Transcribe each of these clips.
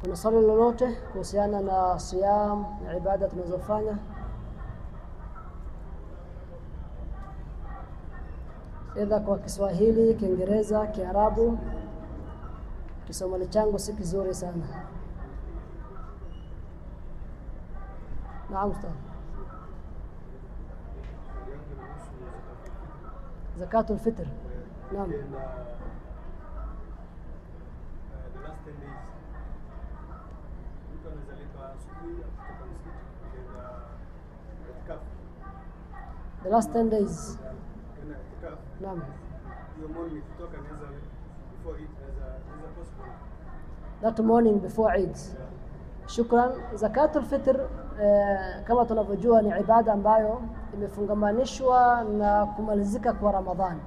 kuna swali lolote kuhusiana na siam na ibada tunazofanya? edha kwa Kiswahili, Kiingereza, Kiarabu, Kisomali changu si kizuri sana. Naam ustaz. Zakatul fitr. Naam. Uh, uh, mtu anazalika asubuhi kutoka msikiti kwenda itikafu. The last 10 days. Naam. Hiyo morning kutoka naweza before possible. That morning before Eid. Shukran. Zakatul Fitr eh, kama tunavyojua ni ibada ambayo imefungamanishwa na kumalizika kwa Ramadhani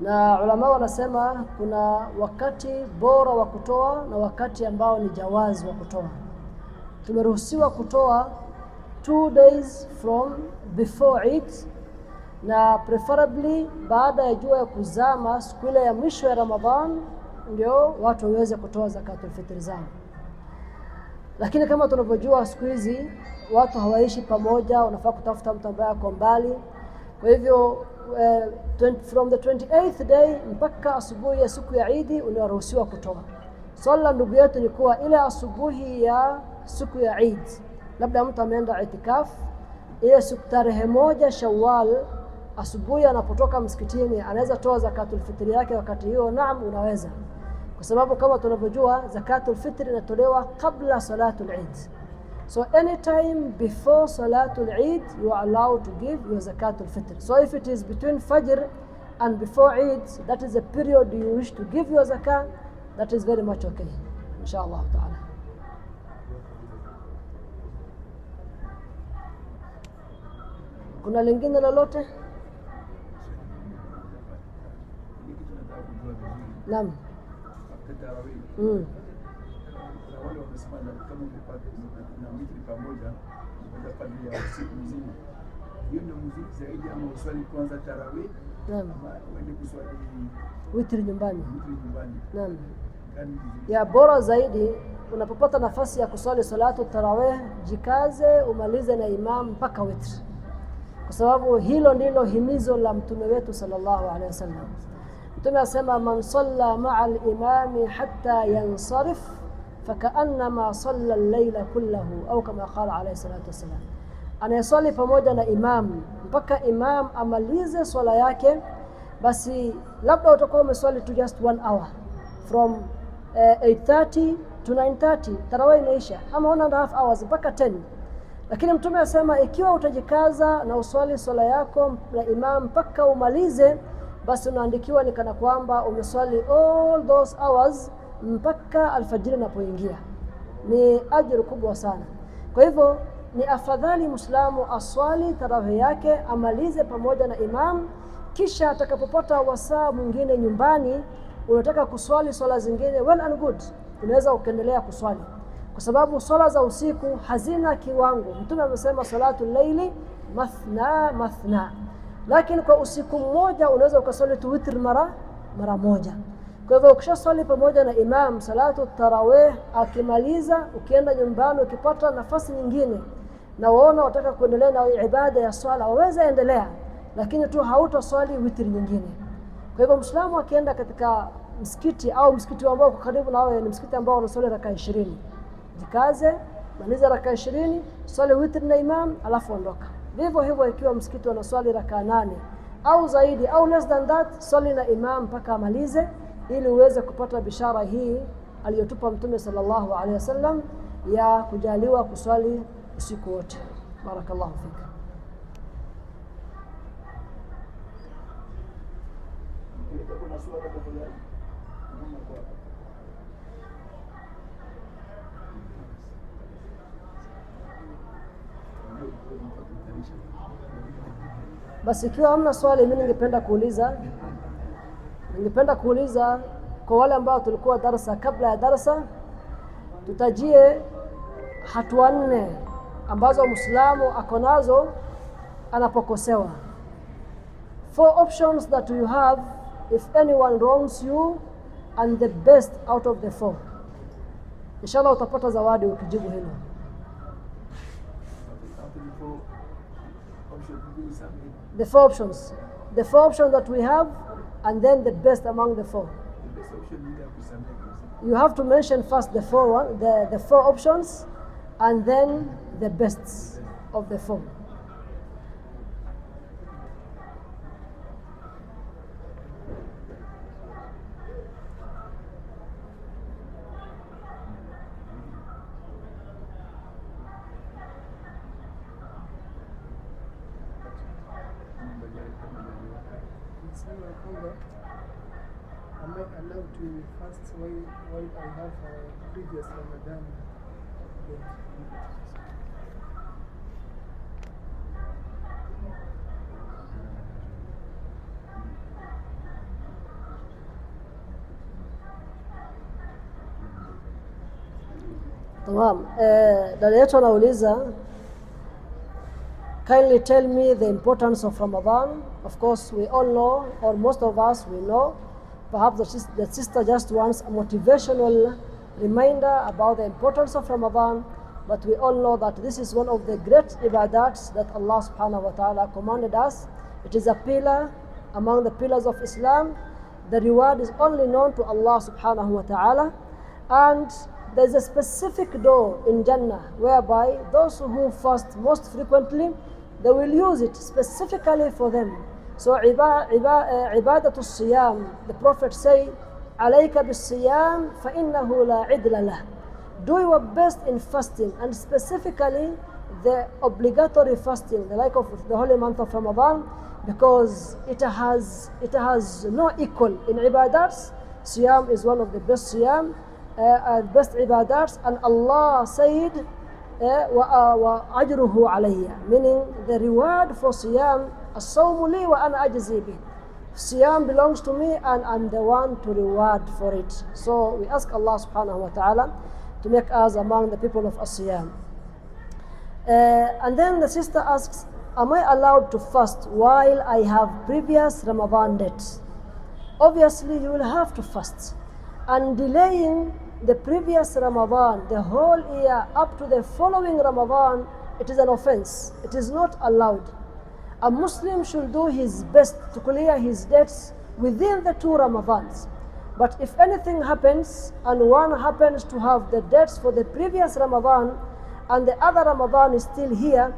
na ulama wanasema kuna wakati bora wa kutoa na wakati ambao ni jawazi wa kutoa. Tumeruhusiwa kutoa two days from before it na preferably baada ya jua ya kuzama siku ile ya mwisho ya Ramadhan, ndio watu waweze kutoa zakatul fitri zao. Lakini kama tunavyojua siku hizi watu hawaishi pamoja, unafaa kutafuta mtu ambaye ako mbali, kwa hivyo Eh, from the 28th day mpaka asubuhi ya siku ya Idi unaruhusiwa kutoa. swala la ndugu yetu ni kuwa ile asubuhi ya siku ya Eid, labda mtu ameenda itikaf ile siku tarehe moja Shawwal, asubuhi anapotoka msikitini, anaweza toa zakatul fitri yake wakati hiyo? Naam, unaweza, kwa sababu kama tunavyojua zakatul fitri inatolewa kabla salatul Eid. So anytime before Salatul Eid, you are allowed to give your Zakatul Fitr. So if it is between Fajr and before Eid, that is a period you wish to give your Zakah, that is very much okay, inshallah ta'ala. Kuna lingine lolote? Naam. Mm. Amesema kama na wiki pamoja padri ya siku mzima, hiyo ndio mzuri zaidi, ama uswali kwanza tarawih, uende kuswali witri nyumbani. Naam, ya bora zaidi unapopata nafasi ya kuswali salatu tarawih, jikaze umalize na imam mpaka witri, kwa sababu hilo ndilo himizo la mtume wetu sallallahu alaihi wasallam. Mtume asema man salla maa limami imami hatta yansarif fakaannama salla llaila kullahu au kama qala alayhi salatu wassalam, anayeswali pamoja na imam mpaka imam amalize swala yake, basi labda utakuwa umeswali tu just one hour from eh, 8:30 to 9:30 tarawih inaisha, ama one and a half hours mpaka 10 lakini Mtume asema ikiwa utajikaza na uswali swala yako na imam mpaka umalize, basi unaandikiwa ni kana kwamba umeswali all those hours mpaka alfajiri anapoingia ni ajira kubwa sana. Kwa hivyo ni afadhali mwislamu aswali tarawih yake amalize pamoja na imamu, kisha atakapopata wasaa mwingine nyumbani, unataka kuswali swala zingine, well and good, unaweza ukaendelea kuswali kwa sababu swala za usiku hazina kiwango. Mtume amesema salatu laili mathna mathna, lakini kwa usiku mmoja unaweza ukaswali tu witr mara mara moja. Kwa hivyo swali pamoja na imam salatu tarawih, akimaliza ukienda nyumbani, ukipata nafasi nyingine na waona wataka kuendelea na ibada ya swala waweza endelea, lakini tu hautaswali witri nyingine. Kwa hivyo Mwislamu akienda katika msikiti au msikiti ambao uko karibu na wewe ni msikiti ambao unaswali raka ishirini, jikaze maliza raka 20, swali witri na imam, alafu ondoka. Vivyo hivyo ikiwa msikiti wanaswali raka 8 au zaidi au less than that, swali na imam mpaka amalize ili uweze kupata bishara hii aliyotupa Mtume sallallahu alaihi wasallam ya kujaliwa kuswali usiku wote. Barakallahu fika. Basi ikiwa hamna swali, mimi ningependa kuuliza Ningependa kuuliza kwa wale ambao tulikuwa darasa kabla ya darasa, tutajie hatua nne ambazo Muislamu ako nazo anapokosewa. Four options that you have if anyone wrongs you and the best out of the four. Inshallah utapata zawadi ukijibu hilo. The four options. The four options that we have and then the best among the four. You have to mention first the four, one, the, the four options and then the best of the four. son of Congo, am I allowed to fast while, while I have a previous Ramadan? Tamam. Ee, dada yetu anauliza kindly tell me the importance of Ramadan. Of course, we all know, or most of us, we know. Perhaps the, sister just wants a motivational reminder about the importance of Ramadan. But we all know that this is one of the great ibadats that Allah subhanahu wa ta'ala commanded us. It is a pillar among the pillars of Islam. The reward is only known to Allah subhanahu wa ta'ala. And there is a specific door in Jannah whereby those who fast most frequently they will use it specifically for them. So عبادة الصيام, uh, the Prophet say, عليك بالصيام فإنه لا عدل Do your best in fasting and specifically the obligatory fasting, the like of the holy month of Ramadan, because it has it has no equal in ibadats. Siyam is one of the best siyam, uh, uh best ibadats, and Allah said Eh, ah, wa ajruhu alayya meaning the reward for siyam as-sawmu li wa ana ajzi Siyam belongs to me and I'm the one to reward for it. So we ask Allah subhanahu wa ta'ala to make us among the people of Asiyam. Uh, eh, and then the sister asks, Am I allowed to fast while I have previous Ramadan dates? Obviously, you will have to fast. And delaying the previous Ramadan, the whole year up to the following Ramadan, it is an offense. It is not allowed. A Muslim should do his best to clear his debts within the two Ramadans. But if anything happens and one happens to have the debts for the previous Ramadan and the other Ramadan is still here,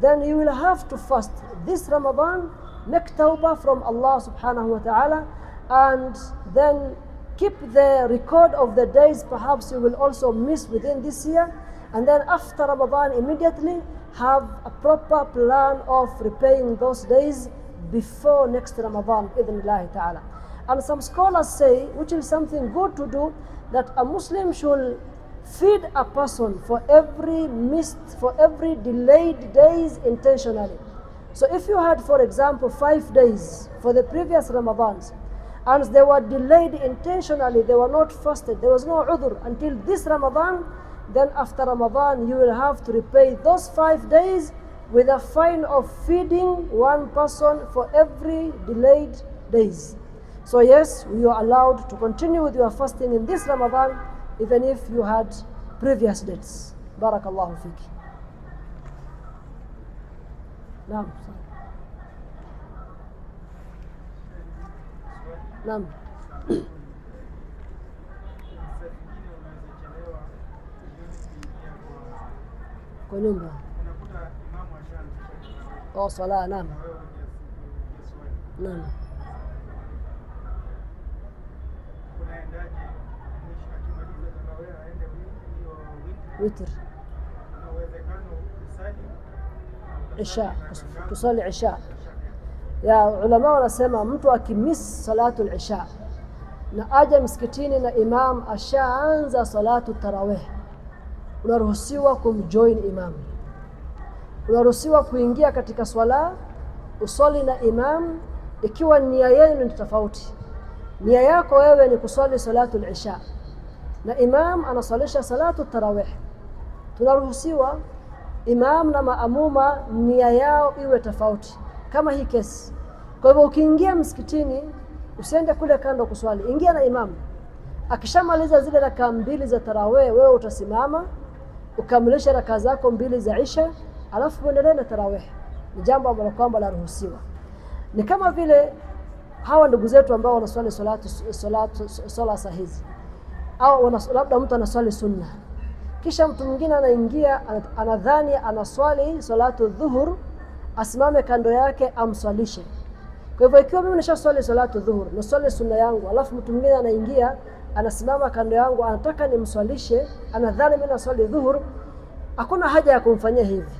then you will have to fast this Ramadan, make tawbah from Allah subhanahu wa ta'ala, and then keep the record of the days perhaps you will also miss within this year and then after Ramadan immediately have a proper plan of repaying those days before next Ramadan idhnillahi ta'ala and some scholars say which is something good to do that a Muslim should feed a person for every missed for every delayed days intentionally so if you had for example 5 days for the previous Ramadans and they were delayed intentionally, they were not fasted, there was no udhr until this Ramadan, then after Ramadan you will have to repay those five days with a fine of feeding one person for every delayed days. So yes, you are allowed to continue with your fasting in this Ramadan even if you had previous dates. Barakallahu fiqh. Now, نعم kwa nyumba oh, swala naam naam witr isha tusali isha ya ulama wanasema mtu akimiss salatu isha na aja msikitini na imam ashaanza salatu tarawih, unaruhusiwa kumjoin imam, unaruhusiwa kuingia katika swala usali na imam ikiwa nia yenu ni tofauti. Nia yako wewe ni kuswali salatu lisha na imam anasalisha salatu tarawih, tunaruhusiwa imam na maamuma nia yao iwe tofauti kama hii kesi. Kwa hivyo ukiingia msikitini usiende kule kando kuswali, ingia na imamu. Akishamaliza zile raka mbili za tarawih, wewe utasimama ukamilisha raka zako mbili za isha, alafu uendelee na tarawih. Ni jambo ambalo kwamba laruhusiwa. Ni kama vile hawa ndugu zetu ambao wanaswali salatu salatu sala saa au wana, labda mtu anaswali sunna, kisha mtu mwingine anaingia anadhani anaswali salatu dhuhur asimame kando yake amswalishe. Kwa hivyo ikiwa mimi nisha swali salatu dhuhur, na swali sunna yangu, alafu mtu mwingine anaingia anasimama kando yangu anataka nimswalishe, anadhani mimi naswali dhuhur, hakuna haja ya kumfanyia hivi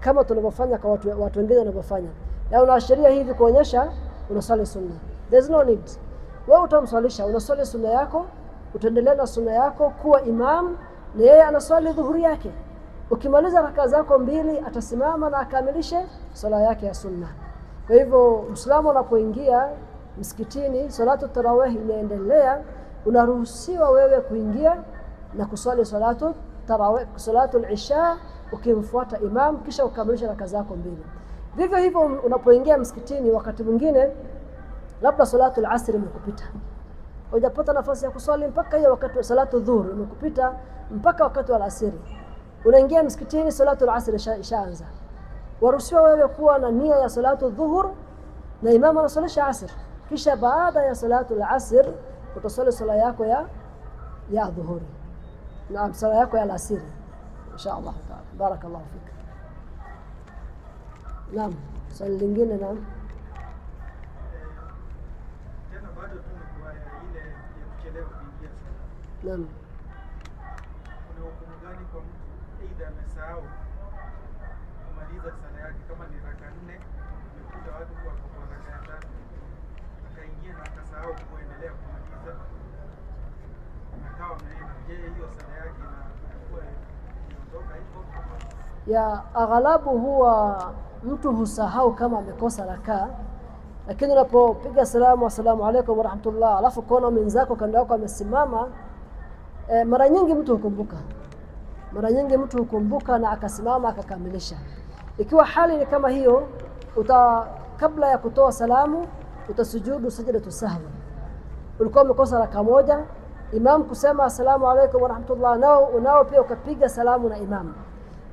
kama tunavyofanya kwa watu watu wengine wanavyofanya, na unaashiria hivi kuonyesha unaswali sunna. There's no need. Wewe utamswalisha, unaswali sunna yako, utaendelea na sunna yako kuwa imam, na yeye anaswali dhuhuri yake. Ukimaliza rakaa zako mbili, atasimama na akamilishe swala yake ya sunna. Kwa hivyo Muislamu anapoingia msikitini, salatu tarawih inaendelea, unaruhusiwa wewe kuingia na kuswali salatu tarawih, salatu al-isha ukimfuata imam, kisha ukamilisha raka zako mbili. Vivyo hivyo unapoingia msikitini, wakati mwingine labda salatu al-asr imekupita hujapata nafasi ya kuswali mpaka hiyo wakati wa salatu dhuhur imekupita mpaka wakati wa alasiri, unaingia msikitini, salatu alasiri ishaanza. Waruhusiwa wewe kuwa na nia ya salatu dhuhur na imamu anasalisha asr, kisha baada ya salatu al-asr utasali sala yako ya ya dhuhuri. na sala yako ya alasiri insha Allah taala. Barakallahu fik. Naam, swali lingine. Naam. Naam. Kuna hukumu gani kwa mtu aidha amesahau yake kama ni raka nne, watu kwa raka ya tatu akaingia na akasahau kuendelea kumaliza, akawa mnaenda. Je, hiyo yake hivyo? Ya aghalabu huwa mtu husahau kama amekosa rakaa, lakini unapopiga salamu, asalamu alaykum warahmatullah, alafu kuona mwenzako kando yako amesimama, e, mara nyingi mtu hukumbuka, mara nyingi mtu hukumbuka na akasimama akakamilisha. Ikiwa hali ni kama hiyo, uta kabla ya kutoa salamu utasujudu tu sahwa. Ulikuwa umekosa raka moja, imam kusema alaykum wa rahmatullah, nao unao pia ukapiga salamu na imam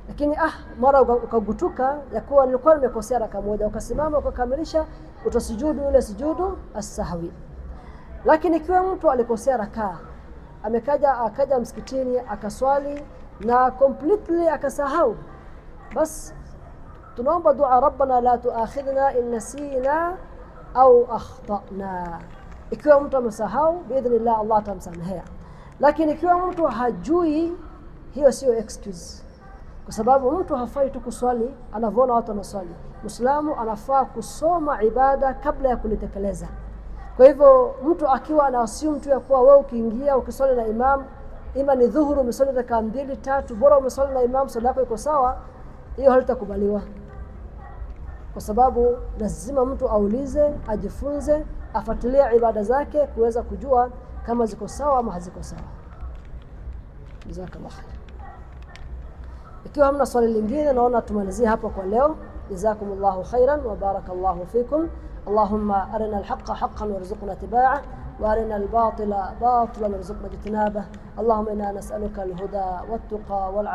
lakini ah, mara ukagutuka ya kuwa nilikuwa nimekosea raka moja, ukasimama ukakamilisha, utasujudu ile sujudu assahwi. Lakini ikiwa mtu alikosea rakaa, amekaja akaja msikitini akaswali na completely akasahau, basi tunaomba dua rabbana la tuakhidhna in nasina au akhtana ikiwa mtu amesahau biidhnillah allah atamsamehea lakini ikiwa mtu hajui hiyo sio excuse kwa sababu mtu hafai tu kuswali anavyoona watu wanaswali mwislamu anafaa kusoma ibada kabla ya kulitekeleza kwa hivyo mtu akiwa anaasimu tu ya kuwa wewe ukiingia ukiswali na imam ima ni dhuhuru umeswali rakaa mbili tatu bora umeswali na imam swali yako iko sawa hiyo halitakubaliwa kwa sababu lazima mtu aulize, ajifunze, afuatilie ibada zake kuweza kujua kama ziko sawa ama haziko sawa. Jazakallah Ikiwa hamna swali lingine, naona tumalizie hapo kwa leo. Jazakumullahu khairan wa barakallahu fikum. Allahumma arina alhaqa haqqan warzuqna tibaa wa arina albatila batilan warzuqna ijtinabah. Allahumma inna nas'aluka alhuda wattaqa